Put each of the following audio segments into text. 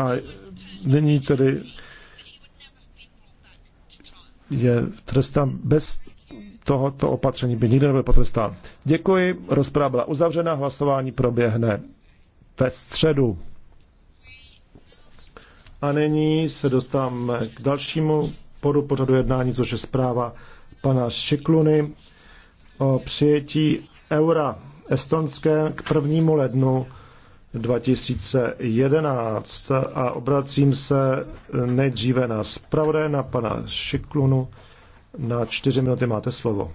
A nyní tedy je trestán bez tohoto opatření by nikdy nebyl potrestán. Děkuji, rozprava byla uzavřena, hlasování proběhne ve středu. A nyní se dostáváme k dalšímu podu pořadu jednání, což je zpráva pana Šikluny o přijetí eura estonské k prvnímu lednu 2011 a obracím se nejdříve na zpravodaje, na pana Šiklunu. Na čtyři minuty máte slovo.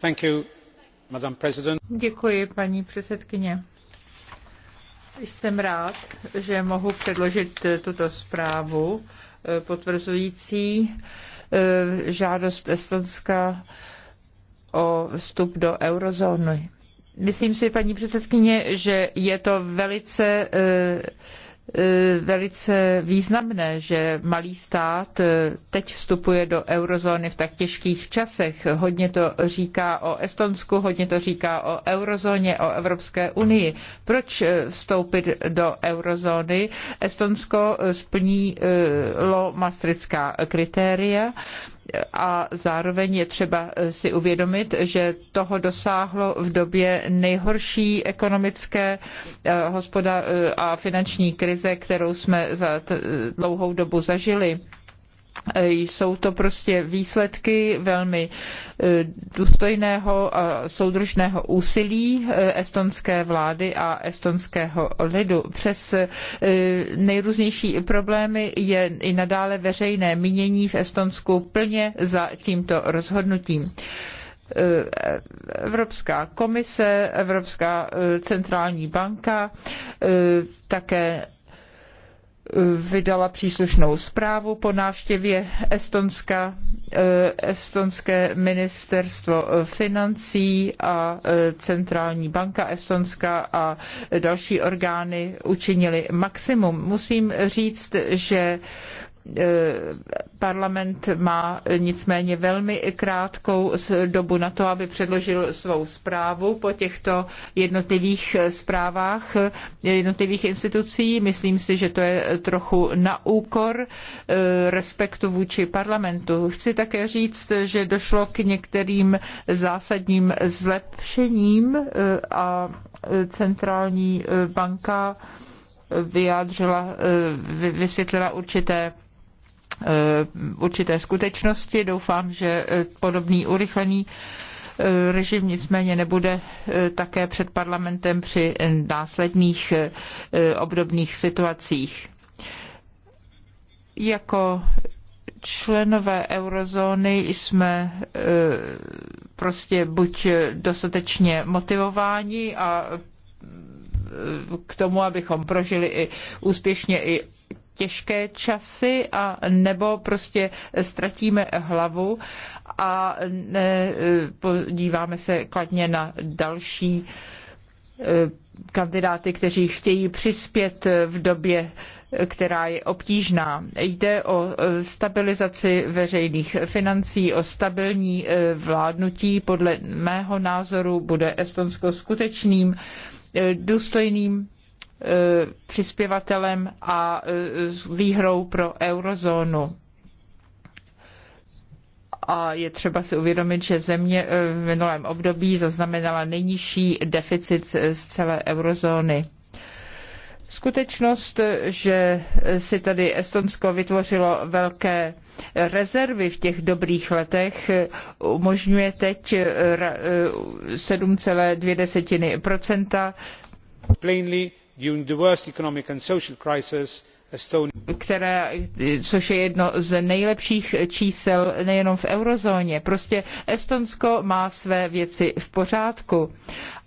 Thank you, Madam President. Děkuji, paní předsedkyně. Jsem rád, že mohu předložit tuto zprávu eh, potvrzující eh, žádost Estonska o vstup do eurozóny. Myslím si, paní předsedkyně, že je to velice eh, eh, velice významné, že malý stát eh, teď vstupuje do eurozóny v tak těžkých časech. Hodně to říká o Estonsku, hodně to říká o eurozóně, o Evropské unii. Proč vstoupit do eurozóny? Estonsko splnilo maastrická kritéria a zároveň je třeba si uvědomit, že toho dosáhlo v době nejhorší ekonomické eh, hospoda- eh, a finanční krize, kterou jsme za dlouhou dobu zažili. E, jsou to prostě výsledky velmi e, důstojného a soudržného úsilí e, estonské vlády a estonského lidu. Přes nejrůznější problémy je i nadále veřejné mínění v Estonsku plně za tímto rozhodnutím. Evropská komise, Evropská centrální banka, také vydala příslušnou zprávu po návštěvě Estonska, eh, estonské ministerstvo eh, financí a eh, centrální banka Estonska a další orgány učinili maximum. Musím říct, že E, parlament má nicméně velmi krátkou dobu na to, aby předložil svou zprávu po těchto jednotlivých zprávách e, jednotlivých institucí. Myslím si, že to je trochu na úkor e, respektu vůči parlamentu. Chci také říct, že došlo k některým zásadním zlepšením a centrální banka vyjádřila, vysvětlila určité Eh, určité skutečnosti. Doufám, že eh, podobný urychlený eh, režim nicméně nebude také před parlamentem při následných obdobných situacích. Jako členové eurozóny jsme prostě buď dostatečně motivováni a k tomu, abychom prožili i úspěšně i těžké časy a nebo prostě ztratíme hlavu a ne, podíváme se kladně na další eh, kandidáty, kteří chtějí přispět v době která je obtížná. Jde o eh, stabilizaci veřejných financí, o stabilní eh, vládnutí. Podle mého názoru bude Estonsko skutečným důstojným Eh, přispěvatelem a eh, výhrou pro eurozónu a je třeba si uvědomit, že země eh, v minulém období zaznamenala nejnižší deficit z celé eurozóny. Skutečnost, že si tady Estonsko vytvořilo velké rezervy v těch dobrých letech, umožňuje teď 7,2 Plainly during the worst economic and social crisis které, což je jedno z nejlepších čísel nejenom v eurozóně. Prostě Estonsko má své věci v pořádku.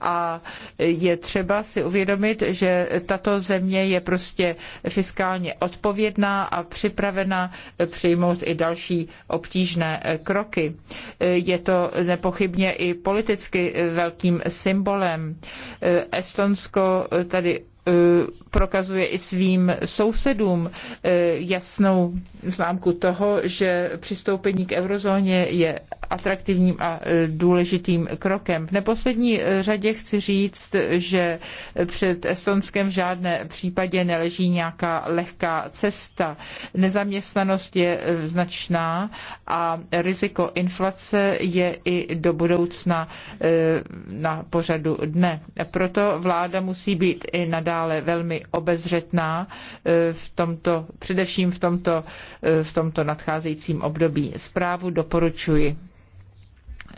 A je třeba si uvědomit, že tato země je prostě fiskálně odpovědná a připravena přijmout i další obtížné kroky. Je to nepochybně i politicky velkým symbolem. Estonsko tady E, prokazuje i svým sousedům e, jasnou známku toho, že přistoupení k eurozóně je atraktivním a e, důležitým krokem. V neposlední řadě chci říct, že před Estonskem v žádné případě neleží nějaká lehká cesta. Nezaměstnanost je značná a riziko inflace je i do budoucna na pořadu dne. Proto vláda musí být i nadále nadále velmi obezřetná eh, v tomto, především v tomto, eh, v tomto nadcházejícím období. Zprávu doporučuji.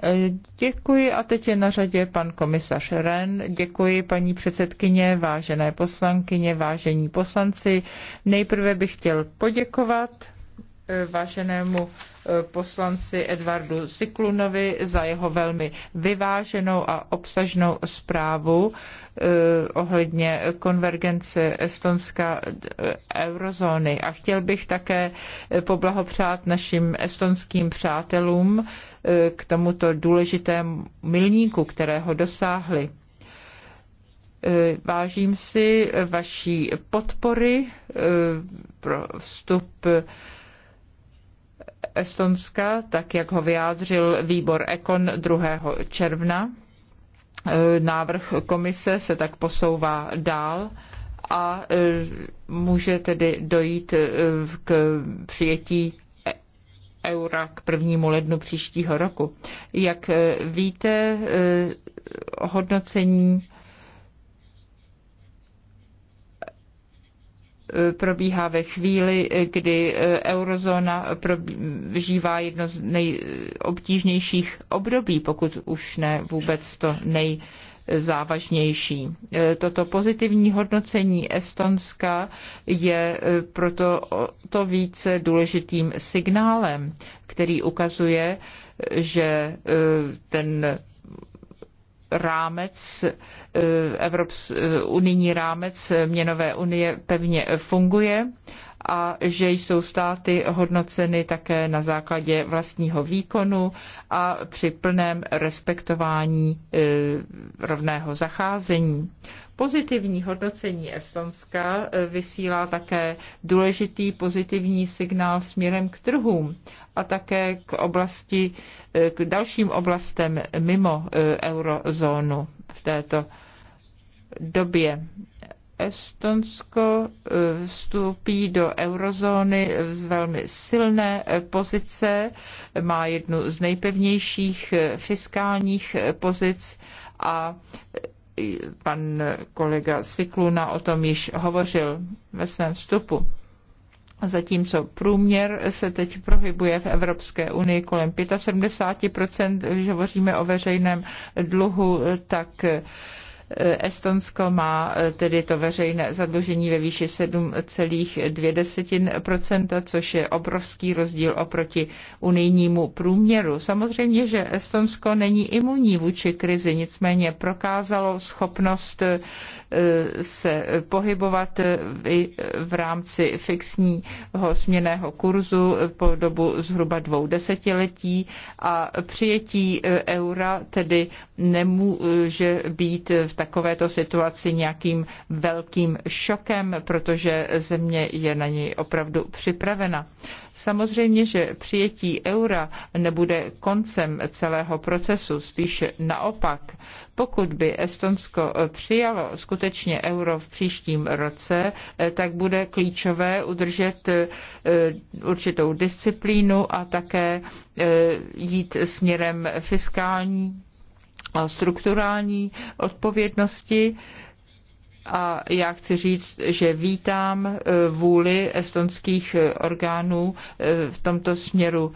Eh, děkuji a teď je na řadě pan komisař Ren. Děkuji paní předsedkyně, vážené poslankyně, vážení poslanci. Nejprve bych chtěl poděkovat váženému poslanci Edvardu Siklunovi za jeho velmi vyváženou a obsažnou zprávu eh, ohledně konvergence Estonska eh, eurozóny. A chtěl bych také poblahopřát našim estonským přátelům eh, k tomuto důležitému milníku, kterého dosáhli. Vážím si vaší podpory pro vstup Estonska, tak jak ho vyjádřil výbor Ekon 2. června. E, návrh komise se tak posouvá dál a e, může tedy dojít e, k přijetí eura k prvnímu lednu příštího roku. Jak víte, hodnocení probíhá ve chvíli, kdy eh, eurozóna prožívá jedno z nejobtížnějších období, pokud už ne vůbec to nej závažnější. Eh, toto pozitivní hodnocení Estonska je eh, proto to více důležitým signálem, který ukazuje, že ten rámec, eh, Evrops, eh, unijní rámec měnové unie pevně funguje a že jsou státy hodnoceny také na základě vlastního výkonu a při plném respektování eh, rovného zacházení. Pozitivní hodnocení Estonska vysílá také důležitý pozitivní signál směrem k trhům a také k oblasti, eh, k dalším oblastem mimo eh, eurozónu v této době. Estonsko eh, vstoupí do eurozóny z velmi silné pozice, má jednu z nejpevnějších fiskálních pozic a pan kolega Sikluna o tom již hovořil ve svém vstupu zatímco průměr se teď prohybuje v Evropské unii kolem 75%, když hovoříme o veřejném dluhu, tak eh, Estonsko má eh, tedy to veřejné zadlužení ve výši 7,2%, což je obrovský rozdíl oproti unijnímu průměru. Samozřejmě, že Estonsko není imunní vůči krizi, nicméně prokázalo schopnost eh, Eh, se pohybovat i v rámci fixního směného kurzu po dobu zhruba dvou desetiletí a přijetí eh, eura tedy nemůže být v takovéto situaci nějakým velkým šokem, protože země je na něj opravdu připravena. Samozřejmě, že přijetí eura nebude koncem celého procesu, spíše naopak. Pokud by Estonsko přijalo skutečně euro v příštím roce, eh, tak bude klíčové udržet eh, určitou disciplínu a také eh, jít směrem fiskální a strukturální odpovědnosti a já chci říct, že vítám eh, vůli estonských eh, orgánů eh, v tomto směru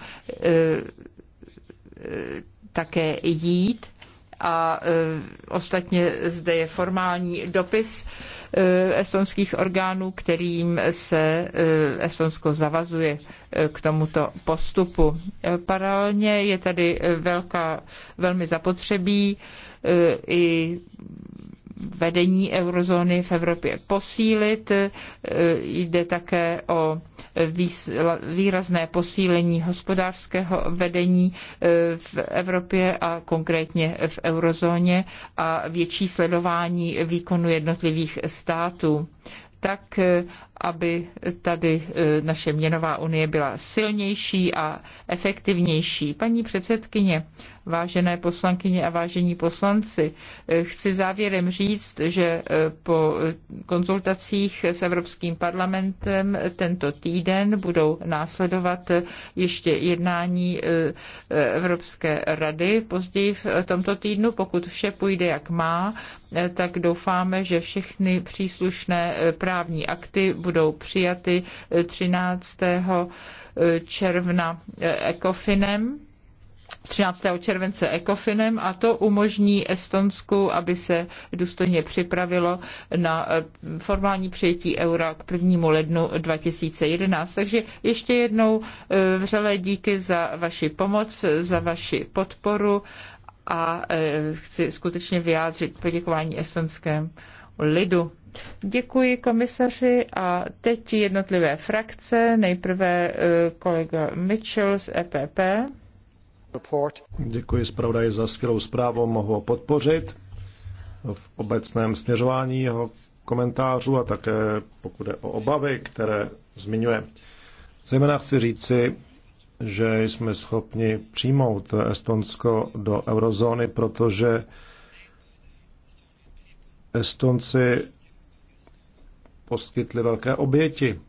také jít a ostatně zde je formální dopis estonských orgánů, kterým se Estonsko zavazuje k tomuto postupu. Paralelně je tady velká, velmi zapotřebí i vedení eurozóny v Evropě posílit. E, jde také o výrazné posílení hospodářského vedení e, v Evropě a konkrétně v eurozóně a větší sledování výkonu jednotlivých států tak, e, aby tady e, naše měnová unie byla silnější a efektivnější. Paní předsedkyně, vážené poslankyně a vážení poslanci, e, chci závěrem říct, že e, po konzultacích s Evropským parlamentem tento týden budou následovat ještě jednání Evropské rady později v tomto týdnu. Pokud vše půjde jak má, tak doufáme, že všechny příslušné právní akty budou přijaty 13. Eh, eh, června eh, ECOFINem. 13. července ECOFINem a to umožní Estonsku, aby se důstojně připravilo na formální přijetí eura k 1. lednu 2011. Takže ještě jednou vřelé díky za vaši pomoc, za vaši podporu a chci skutečně vyjádřit poděkování estonskému lidu. Děkuji komisaři a teď jednotlivé frakce. Nejprve eh, kolega Mitchell z e EPP. Děkuji zpravodaji za skvělou zprávu, mohu ho podpořit v obecném směřování jeho komentářů a také pokud je o obavy, které zmiňuje. Zejména chci říci, že jsme schopni přijmout Estonsko do eurozóny, protože Estonci poskytli velké oběti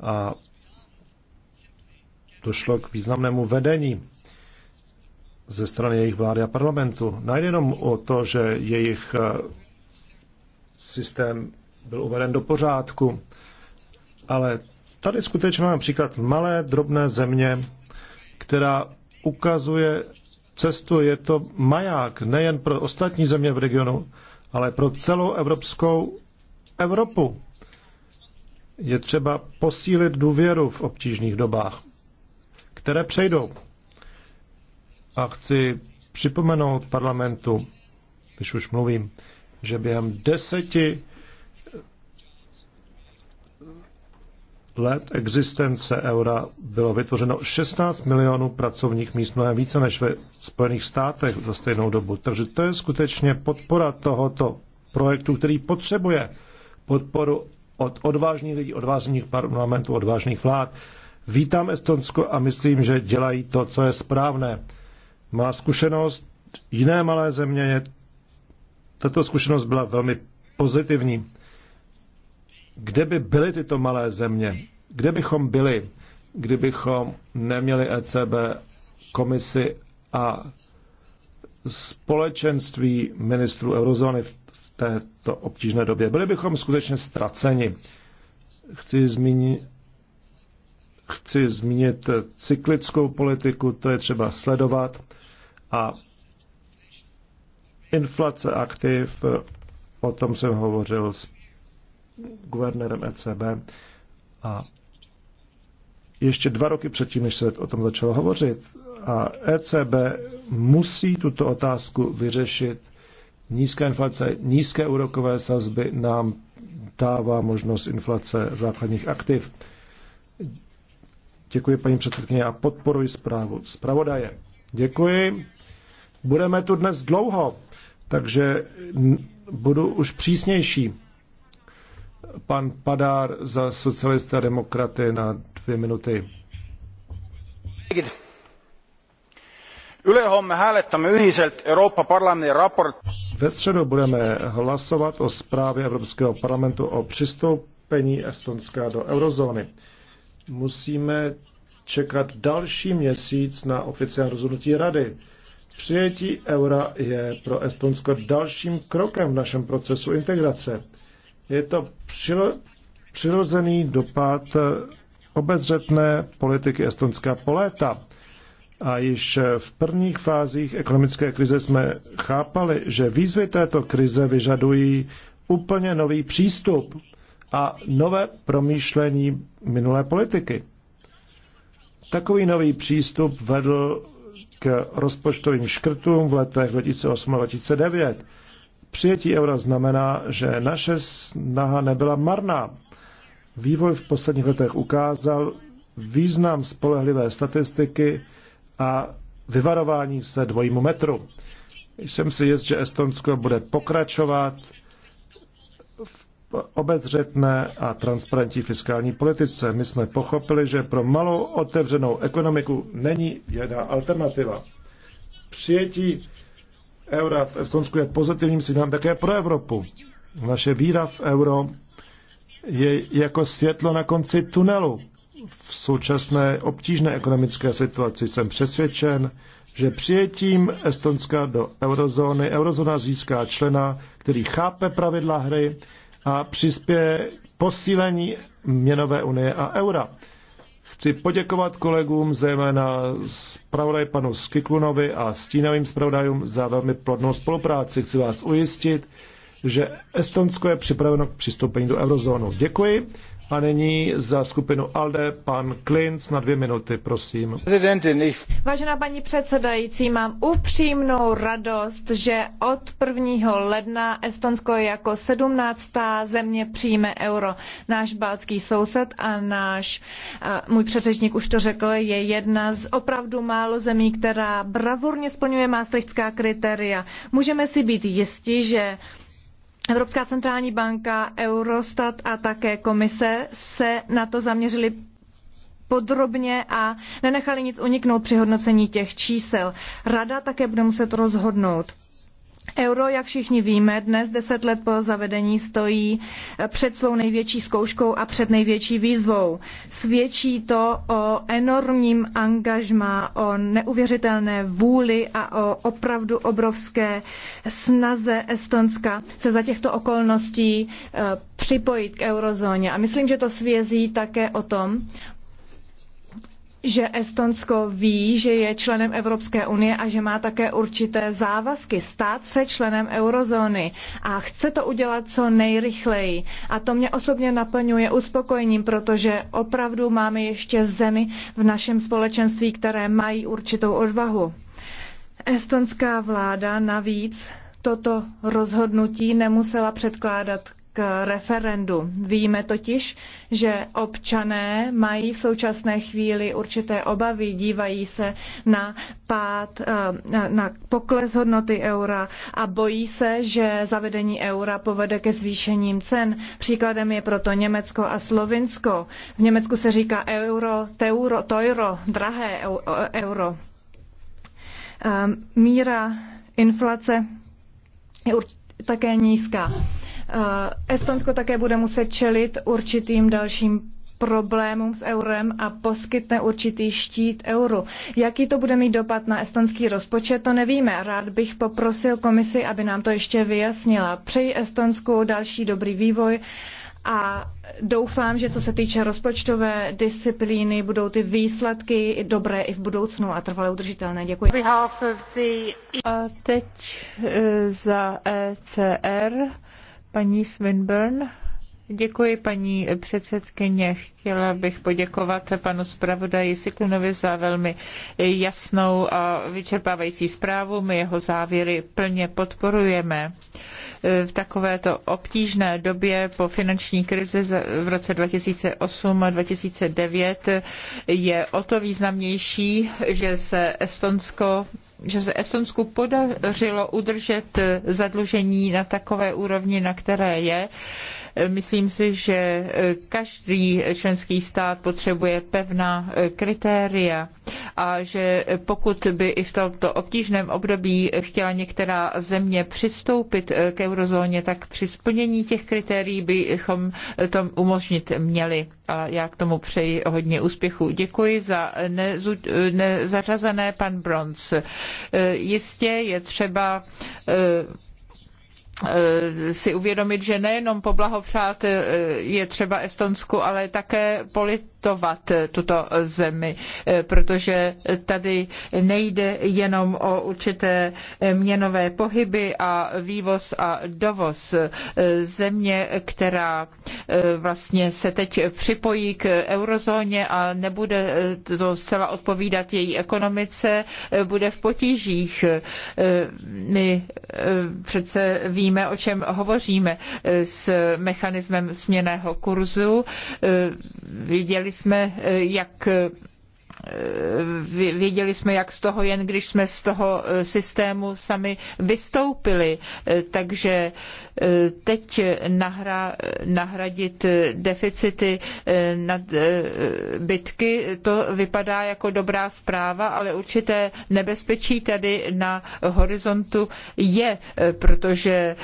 a došlo k významnému vedení ze strany jejich vlády a parlamentu. Nejenom o to, že jejich eh, systém byl uveden do pořádku, ale tady skutečně máme příklad malé, drobné země, která ukazuje cestu. Je to maják nejen pro ostatní země v regionu, ale pro celou Evropskou Evropu. Je třeba posílit důvěru v obtížných dobách, které přejdou. A chci připomenout parlamentu, když už mluvím, že během deseti let existence eura bylo vytvořeno 16 milionů pracovních míst, mnohem více než ve Spojených státech za stejnou dobu. Takže to je skutečně podpora tohoto projektu, který potřebuje podporu od odvážných lidí, odvážných parlamentů, odvážných vlád. Vítám Estonsko a myslím, že dělají to, co je správné. Má zkušenost jiné malé země, je, tato zkušenost byla velmi pozitivní. Kde by byly tyto malé země? Kde bychom byli, kdybychom neměli ECB, komisi a společenství ministrů eurozóny v této obtížné době. Byli bychom skutečně ztraceni. Chci zmínit, chci zmínit cyklickou politiku, to je třeba sledovat a inflace aktiv, o tom jsem hovořil s guvernérem ECB a ještě dva roky předtím, než se o tom začalo hovořit. A ECB musí tuto otázku vyřešit nízká inflace, nízké úrokové sazby nám dává možnost inflace základních aktiv. Děkuji paní předsedkyně a podporuji zprávu. Zpravodaje. Děkuji. Budeme tu dnes dlouho, takže budu už přísnější. Pan Padár za socialisty a demokraty na dvě minuty. Ülehomme hääletame ühiselt Euroopa Parlamendi raport ve středu budeme hlasovat o zprávě Evropského parlamentu o přistoupení Estonska do eurozóny. Musíme čekat další měsíc na oficiální rozhodnutí Rady. Přijetí eura je pro Estonsko dalším krokem v našem procesu integrace. Je to přirozený dopad obezřetné politiky Estonska po léta. A již v prvních fázích ekonomické krize jsme chápali, že výzvy této krize vyžadují úplně nový přístup a nové promýšlení minulé politiky. Takový nový přístup vedl k rozpočtovým škrtům v letech 2008 a 2009. Přijetí eura znamená, že naše snaha nebyla marná. Vývoj v posledních letech ukázal význam spolehlivé statistiky, a vyvarování se dvojímu metru. Jsem si jist, že Estonsko bude pokračovat v obezřetné a transparentní fiskální politice. My jsme pochopili, že pro malou otevřenou ekonomiku není jedna alternativa. Přijetí eura v Estonsku je pozitivním signálem také pro Evropu. Naše víra v euro je jako světlo na konci tunelu v současné obtížné ekonomické situaci jsem přesvědčen, že přijetím Estonska do eurozóny eurozóna získá člena, který chápe pravidla hry a přispěje posílení měnové unie a eura. Chci poděkovat kolegům, zejména zpravodaj panu Skiklunovi a stínovým zpravodajům za velmi plodnou spolupráci. Chci vás ujistit, že Estonsko je připraveno k přistoupení do eurozónu. Děkuji. A nyní za skupinu ALDE pan Klinc na dvě minuty, prosím. Vážená paní předsedající, mám upřímnou radost, že od 1. ledna Estonsko jako 17. země přijme euro. Náš baltský soused a náš, můj předřečník už to řekl, je jedna z opravdu málo zemí, která bravurně splňuje maastrichtská kritéria. Můžeme si být jisti, že Evropská centrální banka, Eurostat a také komise se na to zaměřili podrobně a nenechali nic uniknout při hodnocení těch čísel. Rada také bude muset rozhodnout. Euro, jak všichni víme, dnes deset let po zavedení stojí před svou největší zkouškou a před největší výzvou. Svědčí to o enormním angažmá, o neuvěřitelné vůli a o opravdu obrovské snaze Estonska se za těchto okolností eh, připojit k eurozóně. A myslím, že to svězí také o tom, že Estonsko ví, že je členem Evropské unie a že má také určité závazky stát se členem eurozóny a chce to udělat co nejrychleji. A to mě osobně naplňuje uspokojením, protože opravdu máme ještě zemi v našem společenství, které mají určitou odvahu. Estonská vláda navíc toto rozhodnutí nemusela předkládat k referendu. Víme totiž, že občané mají v současné chvíli určité obavy, dívají se na pád, eh, na pokles hodnoty eura a bojí se, že zavedení eura povede ke zvýšením cen. Příkladem je proto Německo a Slovinsko. V Německu se říká euro, teuro, toiro, drahé eh, euro. Eh, míra inflace je také nízká. Eh, Estonsko také bude muset čelit určitým dalším problémům s eurem a poskytne určitý štít euru. Jaký to bude mít dopad na estonský rozpočet, to nevíme. Rád bych poprosil komisi, aby nám to ještě vyjasnila. Přeji Estonsku další dobrý vývoj a doufám, že co se týče rozpočtové disciplíny, budou ty výsledky dobré i v budoucnu a trvale udržitelné. Děkuji. A teď eh, za ECR Paní Swinburne, Děkuji, paní předsedkyně. Chtěla bych poděkovat panu zpravodaji Siklunovi za velmi jasnou a vyčerpávající zprávu. My jeho závěry plně podporujeme. V takovéto obtížné době po finanční krizi v roce 2008 a 2009 je o to významnější, že se Estonsko že se Estonsku podařilo udržet zadlužení na takové úrovni, na které je, Myslím si, že každý členský stát potřebuje pevná kritéria a že pokud by i v tomto obtížném období chtěla některá země přistoupit eh, k eurozóně, tak při splnění těch kritérií bychom eh, to umožnit měli. A já k tomu přeji hodně úspěchu. Děkuji za nezu, eh, nezařazené pan Bronz. Jistě je třeba si uvědomit, že nejenom poblahopřát je třeba Estonsku, ale také polit adoptovat tuto zemi, eh, protože tady nejde jenom o určité měnové pohyby a vývoz a dovoz. Eh, země, která eh, vlastně se teď připojí k eurozóně a nebude to zcela odpovídat její ekonomice, bude v potížích. My přece víme, o čem hovoříme s mechanismem směného kurzu. Viděli jsme, eh, jak eh, Eh, věděli jsme, jak z toho, jen když jsme z toho eh, systému sami vystoupili. Eh, takže teď nahra, nahradit deficity nad bytky, to vypadá jako dobrá zpráva, ale určité nebezpečí tady na horizontu je, protože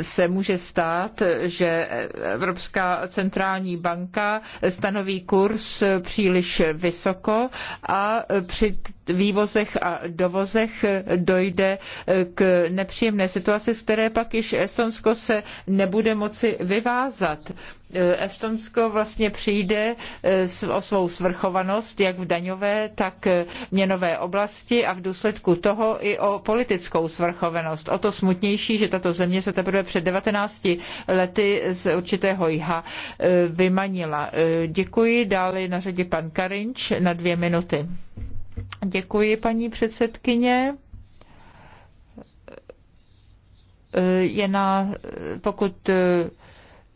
se může stát, že Evropská centrální banka stanoví kurz příliš vysoký vysoko a při vývozech a dovozech dojde k nepříjemné situaci, z které pak již Estonsko se nebude moci vyvázat. Estonsko vlastně přijde eh, o svou svrchovanost, jak v daňové, tak eh, měnové oblasti a v důsledku toho i o politickou svrchovanost. O to smutnější, že tato země se teprve před 19 lety z určitého jha eh, vymanila. Děkuji, dále na řadě pan Karinč na dvě minuty. Děkuji, paní předsedkyně je na, pokud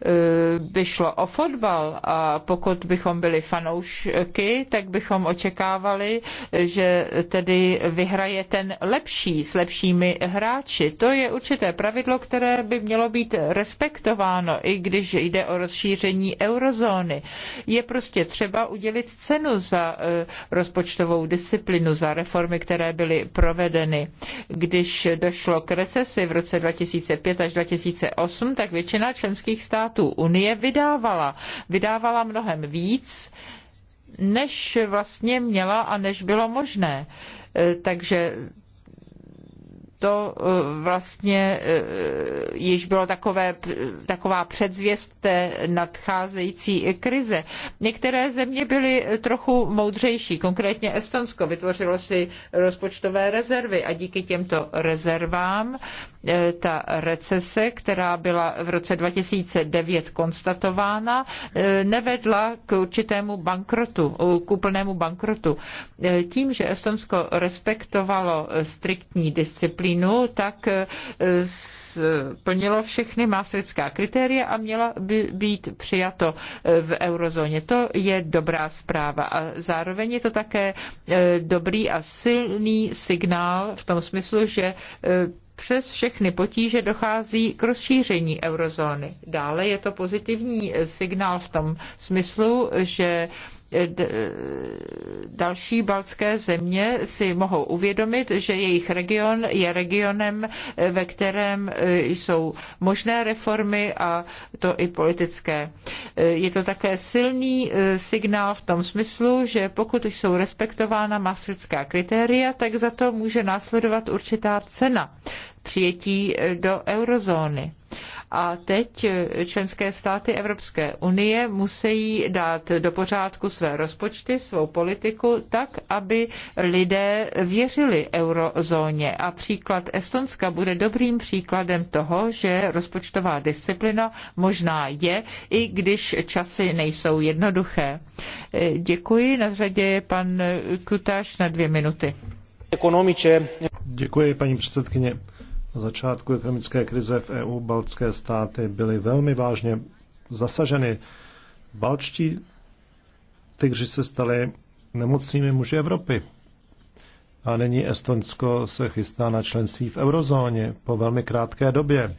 Eh, by šlo o fotbal a pokud bychom byli fanoušky, tak bychom očekávali, že tedy vyhraje ten lepší s lepšími hráči. To je určité pravidlo, které by mělo být respektováno, i když jde o rozšíření eurozóny. Je prostě třeba udělit cenu za eh, rozpočtovou disciplinu, za reformy, které byly provedeny. Když došlo k recesi v roce 2005 až 2008, tak většina členských států států Unie vydávala. Vydávala mnohem víc, než vlastně měla a než bylo možné. E, takže to e, vlastně e, již bylo takové, taková předzvěst té nadcházející krize. Některé země byly trochu moudřejší, konkrétně Estonsko vytvořilo si rozpočtové rezervy a díky těmto rezervám Eh, ta recese, která byla v roce 2009 konstatována, eh, nevedla k určitému bankrotu, eh, k úplnému bankrotu. Tím, že Estonsko respektovalo striktní disciplínu, tak splnilo všechny maastrichtská kritéria a měla by být přijato v eurozóně. To je dobrá zpráva a zároveň je to také dobrý a silný signál v tom smyslu, že přes všechny potíže dochází k rozšíření eurozóny. Dále je to pozitivní signál v tom smyslu, že další baltské země si mohou uvědomit, že jejich region je regionem, ve kterém eh, jsou možné reformy a to i politické. Eh, je to také silný eh, signál v tom smyslu, že pokud jsou respektována maastrichtská kritéria, tak za to může následovat určitá cena přijetí do eurozóny. A teď členské státy Evropské unie musí dát do pořádku své rozpočty, svou politiku, tak, aby lidé věřili eurozóně. A příklad Estonska bude dobrým příkladem toho, že rozpočtová disciplina možná je, i když časy nejsou jednoduché. Děkuji. Na řadě je pan Kutáš na dvě minuty. Děkuji, paní předsedkyně. Na začátku ekonomické krize v EU baltské státy byly velmi vážně zasaženy. Balčtí tygři se stali nemocnými muži Evropy. A nyní Estonsko se chystá na členství v eurozóně po velmi krátké době.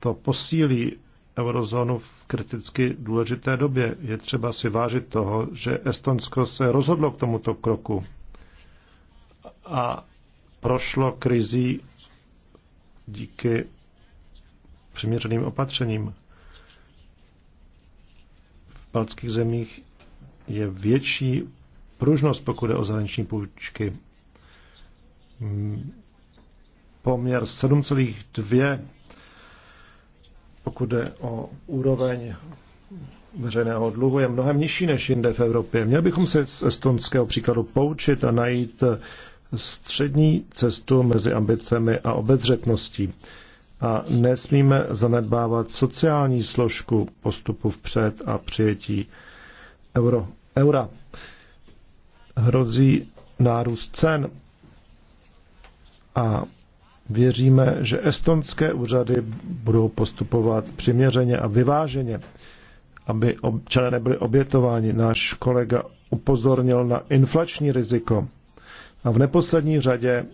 To posílí eurozónu v kriticky důležité době. Je třeba si vážit toho, že Estonsko se rozhodlo k tomuto kroku a prošlo krizí díky přiměřeným opatřením. V baltských zemích je větší pružnost, pokud je o zahraniční půjčky. Poměr 7,2, pokud je o úroveň veřejného dluhu, je mnohem nižší než jinde v Evropě. Měli bychom se z estonského příkladu poučit a najít střední cestu mezi ambicemi a obezřetností. A nesmíme zanedbávat sociální složku postupu vpřed a přijetí euro, eura. Hrozí nárůst cen a věříme, že estonské úřady budou postupovat přiměřeně a vyváženě, aby občané nebyli obětováni. Náš kolega upozornil na inflační riziko a v neposlední řadě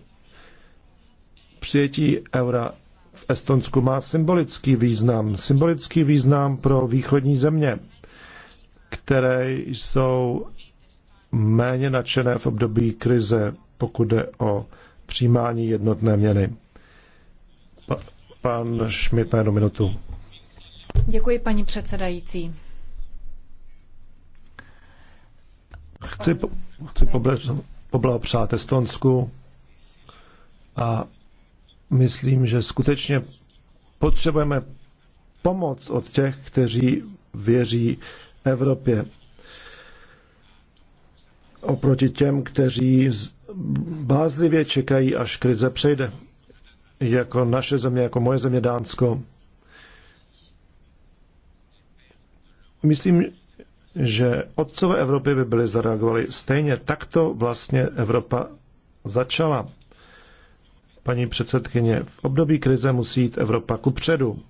přijetí eura v Estonsku má symbolický význam. Symbolický význam pro východní země, které jsou méně nadšené v období krize, pokud jde o přijímání jednotné měny. Pa, pan Šmit na jednu minutu. Děkuji, paní předsedající. Chci, po, chci poblahopřát poblahopřát Estonsku a myslím, že skutečně potřebujeme pomoc od těch, kteří věří Evropě. Oproti těm, kteří bázlivě čekají, až krize přejde. Jako naše země, jako moje země Dánsko. Myslím, že otcové Evropy by byly zareagovali stejně. Takto vlastně Evropa začala. Paní předsedkyně, v období krize musí jít Evropa ku předu.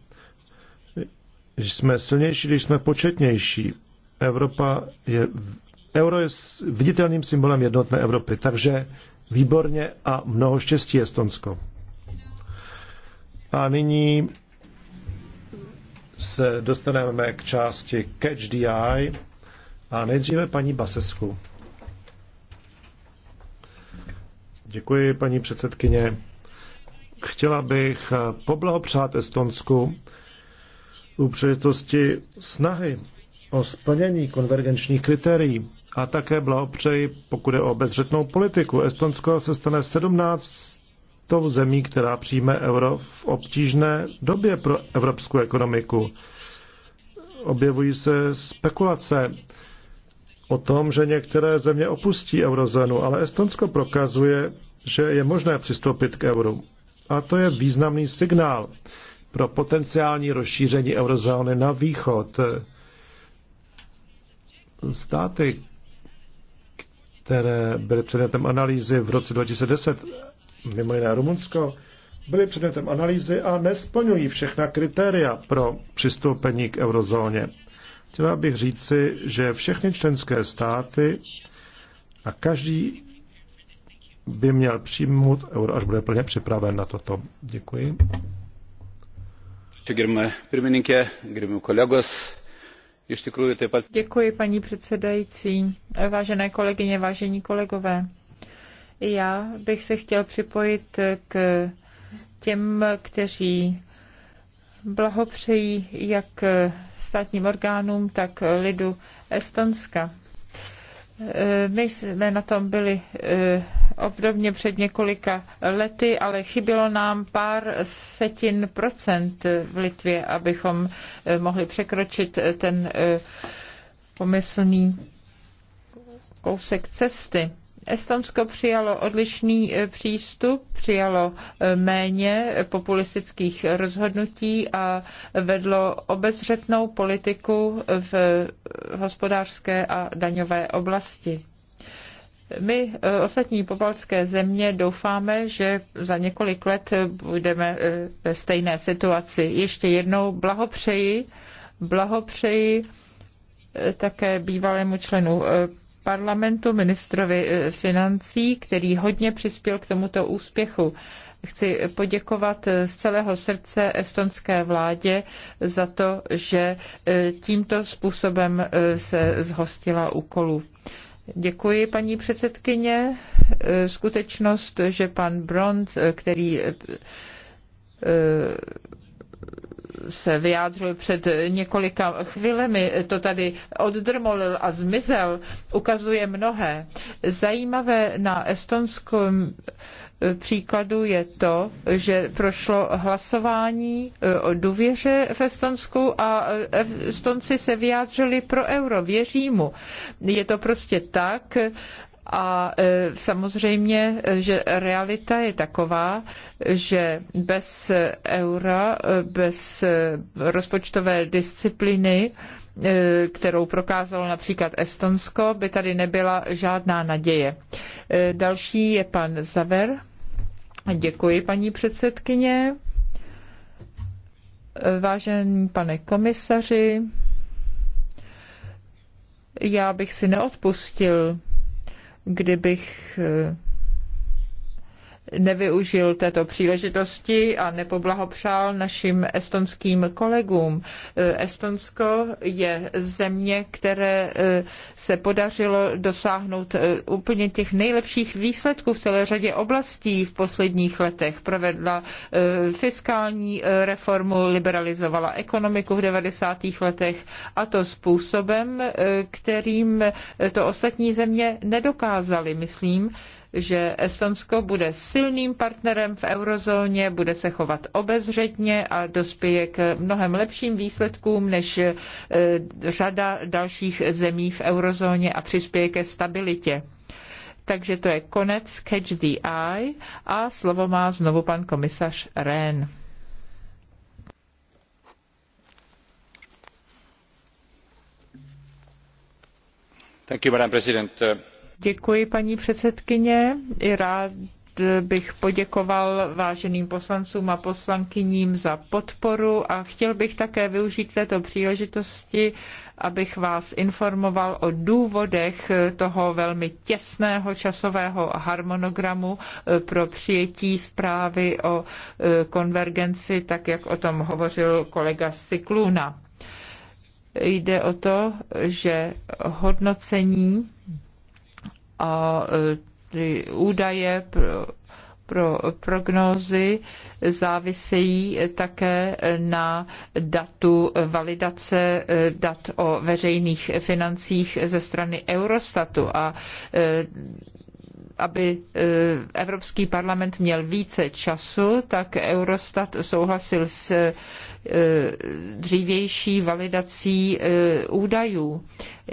Jsme silnější, když jsme početnější. Evropa je, euro je viditelným symbolem jednotné Evropy, takže výborně a mnoho štěstí Estonsko. A nyní se dostaneme k části Catch the Eye. A nejdříve paní Basesku. Děkuji, paní předsedkyně. Chtěla bych poblahopřát Estonsku u příležitosti snahy o splnění konvergenčních kritérií a také blahopřeji, pokud je o bezřetnou politiku. Estonsko se stane 17 zemí, která přijme euro v obtížné době pro evropskou ekonomiku. Objevují se spekulace o tom, že některé země opustí eurozónu, ale Estonsko prokazuje, že je možné přistoupit k euru. A to je významný signál pro potenciální rozšíření eurozóny na východ. Státy, které byly předmětem analýzy v roce 2010, mimo jiné Rumunsko, byly předmětem analýzy a nesplňují všechna kritéria pro přistoupení k eurozóně. Chtěla bych říci, že všechny členské státy a každý by měl přijmout euro, až bude plně připraven na toto. Děkuji. Děkuji, paní předsedající. Vážené kolegyně, vážení kolegové, já bych se chtěl připojit k těm, kteří blahopřejí jak státním orgánům, tak lidu Estonska. My jsme na tom byli eh, obdobně před několika lety, ale chybělo nám pár setin procent v Litvě, abychom eh, mohli překročit eh, ten pomyslný kousek cesty. Estonsko přijalo odlišný e, přístup, přijalo e, méně populistických rozhodnutí a vedlo obezřetnou politiku v hospodářské a daňové oblasti. My e, ostatní pobaltské země doufáme, že za několik let budeme ve stejné situaci. Ještě jednou blahopřeji, blahopřeji také bývalému členu parlamentu, ministrovi eh, financí, který hodně přispěl k tomuto úspěchu. Chci poděkovat eh, z celého srdce estonské vládě za to, že eh, tímto způsobem se zhostila úkolu. Děkuji, paní předsedkyně. Skutečnost, že pan Brond, který se vyjádřil před několika chvílemi, to tady oddrmolil a zmizel, ukazuje mnohé. Zajímavé na estonském příkladu je to, že prošlo hlasování e, o důvěře v Estonsku a e, Estonci se vyjádřili pro euro, věří mu. Je to prostě tak, a e, samozřejmě, že realita je taková, že bez eura, bez rozpočtové disciplíny, e, kterou prokázalo například Estonsko, by tady nebyla žádná naděje. E, další je pan Zaver. Děkuji, paní předsedkyně. Vážený pane komisaři, já bych si neodpustil kdybych eh, nevyužil této příležitosti a nepoblahopřál našim estonským kolegům. Estonsko je země, které eh, se podařilo dosáhnout eh, úplně těch nejlepších výsledků v celé řadě oblastí v posledních letech. Provedla eh, fiskální reformu, liberalizovala ekonomiku v 90. letech a to způsobem, kterým to ostatní země nedokázaly. Myslím, že Estonsko bude silným partnerem v eurozóně, bude se chovat obezřetně a dospěje k mnohem lepším výsledkům než eh, řada dalších zemí v eurozóně a přispěje ke stabilitě. Takže to je konec Catch the Eye a slovo má znovu pan komisař Rehn. Thank you, Madam President. Děkuji, paní předsedkyně. I rád bych poděkoval váženým poslancům a poslankyním za podporu a chtěl bych také využít této příležitosti, abych vás informoval o důvodech toho velmi těsného časového harmonogramu eh, pro přijetí zprávy o eh, konvergenci, tak jak o tom hovořil kolega Cykluna. Jde o to, že hodnocení a e, ty údaje pro, pro prognózy závisejí také na datu validace e, dat o veřejných financích ze strany Eurostatu a e, aby Evropský parlament měl více času, tak Eurostat souhlasil s Eh, dřívější validací eh, údajů.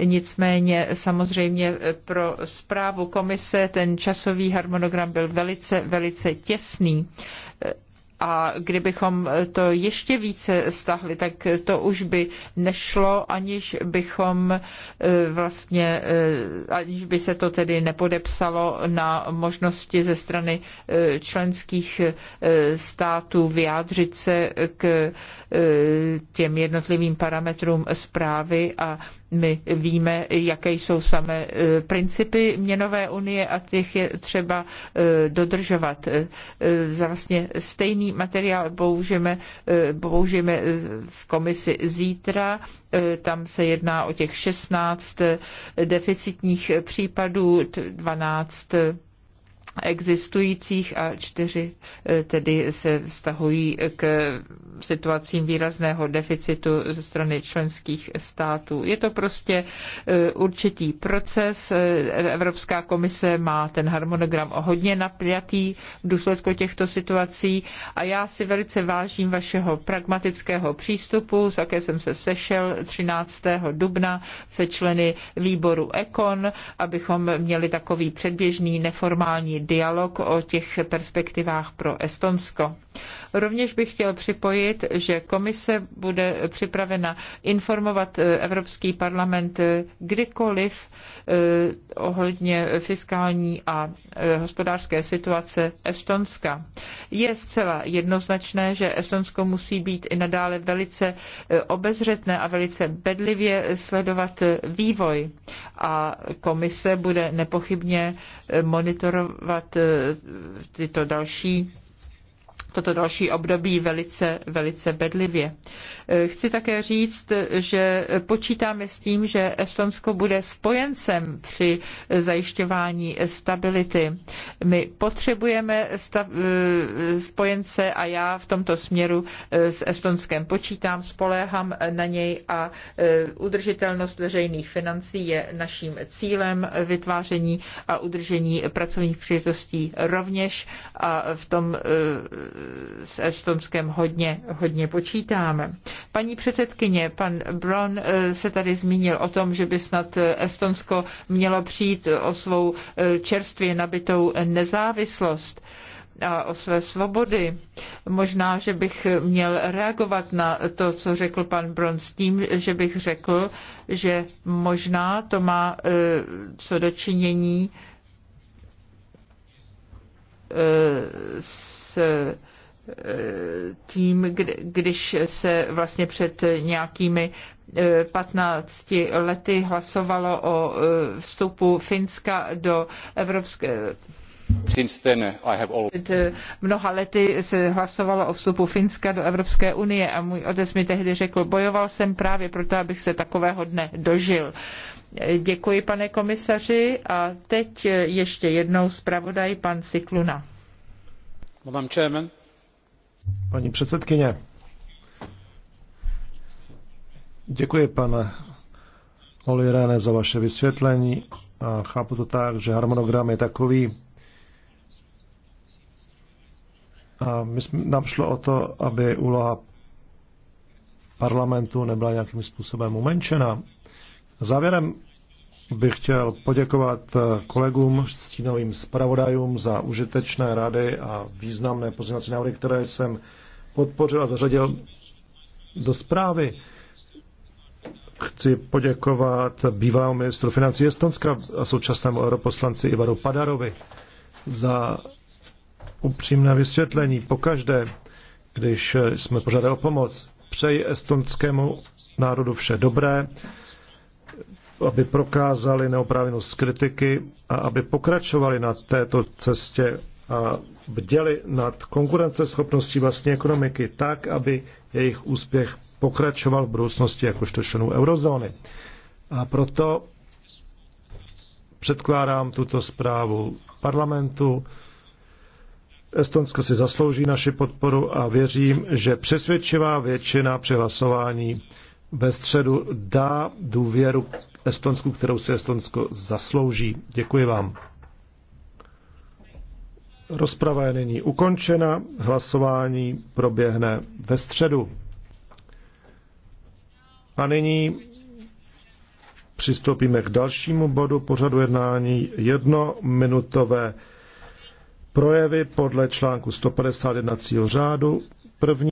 Nicméně samozřejmě eh, pro zprávu komise ten časový harmonogram byl velice, velice těsný. A kdybychom to ještě více stahli, tak to už by nešlo, aniž bychom e, vlastně, e, aniž by se to tedy nepodepsalo na možnosti ze strany e, členských států vyjádřit se k těm jednotlivým parametrům zprávy a my víme, jaké jsou samé principy měnové unie a těch je třeba dodržovat za vlastně stejný materiál použijeme, eh, použijeme eh, v komisi zítra. Eh, tam se jedná o těch 16 deficitních případů, 12 existujících a čtyři eh, tedy se vztahují k situacím výrazného deficitu ze strany členských států. Je to prostě eh, určitý proces. Eh, Evropská komise má ten harmonogram hodně napjatý v důsledku těchto situací a já si velice vážím vašeho pragmatického přístupu, s jaké jsem se sešel 13. dubna se členy výboru ECON, abychom měli takový předběžný neformální dialog o těch perspektivách pro Estonsko. Rovněž bych chtěl připojit, že komise bude připravena informovat eh, Evropský parlament eh, kdykoliv eh, ohledně fiskální a hospodářské situace Estonska. Je zcela jednoznačné, že Estonsko musí být i nadále velice obezřetné a velice bedlivě sledovat vývoj a komise bude nepochybně monitorovat tyto další toto další období velice, velice bedlivě. E, chci také říct, že počítáme s tím, že Estonsko bude spojencem při zajišťování stability. My potřebujeme e, spojence a já v tomto směru e, s Estonskem počítám, spoléhám na něj a udržitelnost veřejných financí je naším cílem vytváření a udržení pracovních příležitostí rovněž a v tom s Estonskem hodně, hodně počítáme. Paní předsedkyně, pan Bron eh, se tady zmínil o tom, že by snad Estonsko mělo přijít o svou eh, čerstvě nabitou nezávislost a o své svobody. Možná, že bych měl reagovat na to, co řekl pan Bron s tím, že bych řekl, že možná to má eh, co dočinění s e, tím, když se vlastně před nějakými 15 e, lety hlasovalo o e, vstupu Finska do Evropské před eh, mnoha lety se hlasovalo o vstupu Finska do Evropské unie a můj otec mi tehdy řekl, bojoval jsem právě proto, abych se takového dne dožil. Eh, děkuji, pane komisaři. A teď eh, ještě jednou zpravodaj pan Sikluna. Chairman. Paní předsedkyně. Děkuji, pane Olirene, za vaše vysvětlení. A chápu to tak, že harmonogram je takový, A my jsme, nám šlo o to, aby úloha parlamentu nebyla nějakým způsobem umenšena. Závěrem bych chtěl poděkovat eh, kolegům, stínovým zpravodajům za užitečné rady a významné pozměňovací návrhy, které jsem podpořil a zařadil do zprávy. Chci poděkovat bývalému ministru financí Estonska a současnému europoslanci Ivaru Padarovi za upřímné vysvětlení pokaždé, když jsme požádali o pomoc. Přeji estonskému národu vše dobré, aby prokázali neoprávněnost kritiky a aby pokračovali na této cestě a bděli nad konkurenceschopností vlastní ekonomiky tak, aby jejich úspěch pokračoval v budoucnosti jakožto členů eurozóny. A proto předkládám tuto zprávu parlamentu Estonsko si zaslouží naši podporu a věřím, že přesvědčivá většina při hlasování ve středu dá důvěru Estonsku, kterou si Estonsko zaslouží. Děkuji vám. Rozprava je nyní ukončena, hlasování proběhne ve středu. A nyní přistoupíme k dalšímu bodu pořadu jednání jednominutové projevy podle článku 151 řádu. První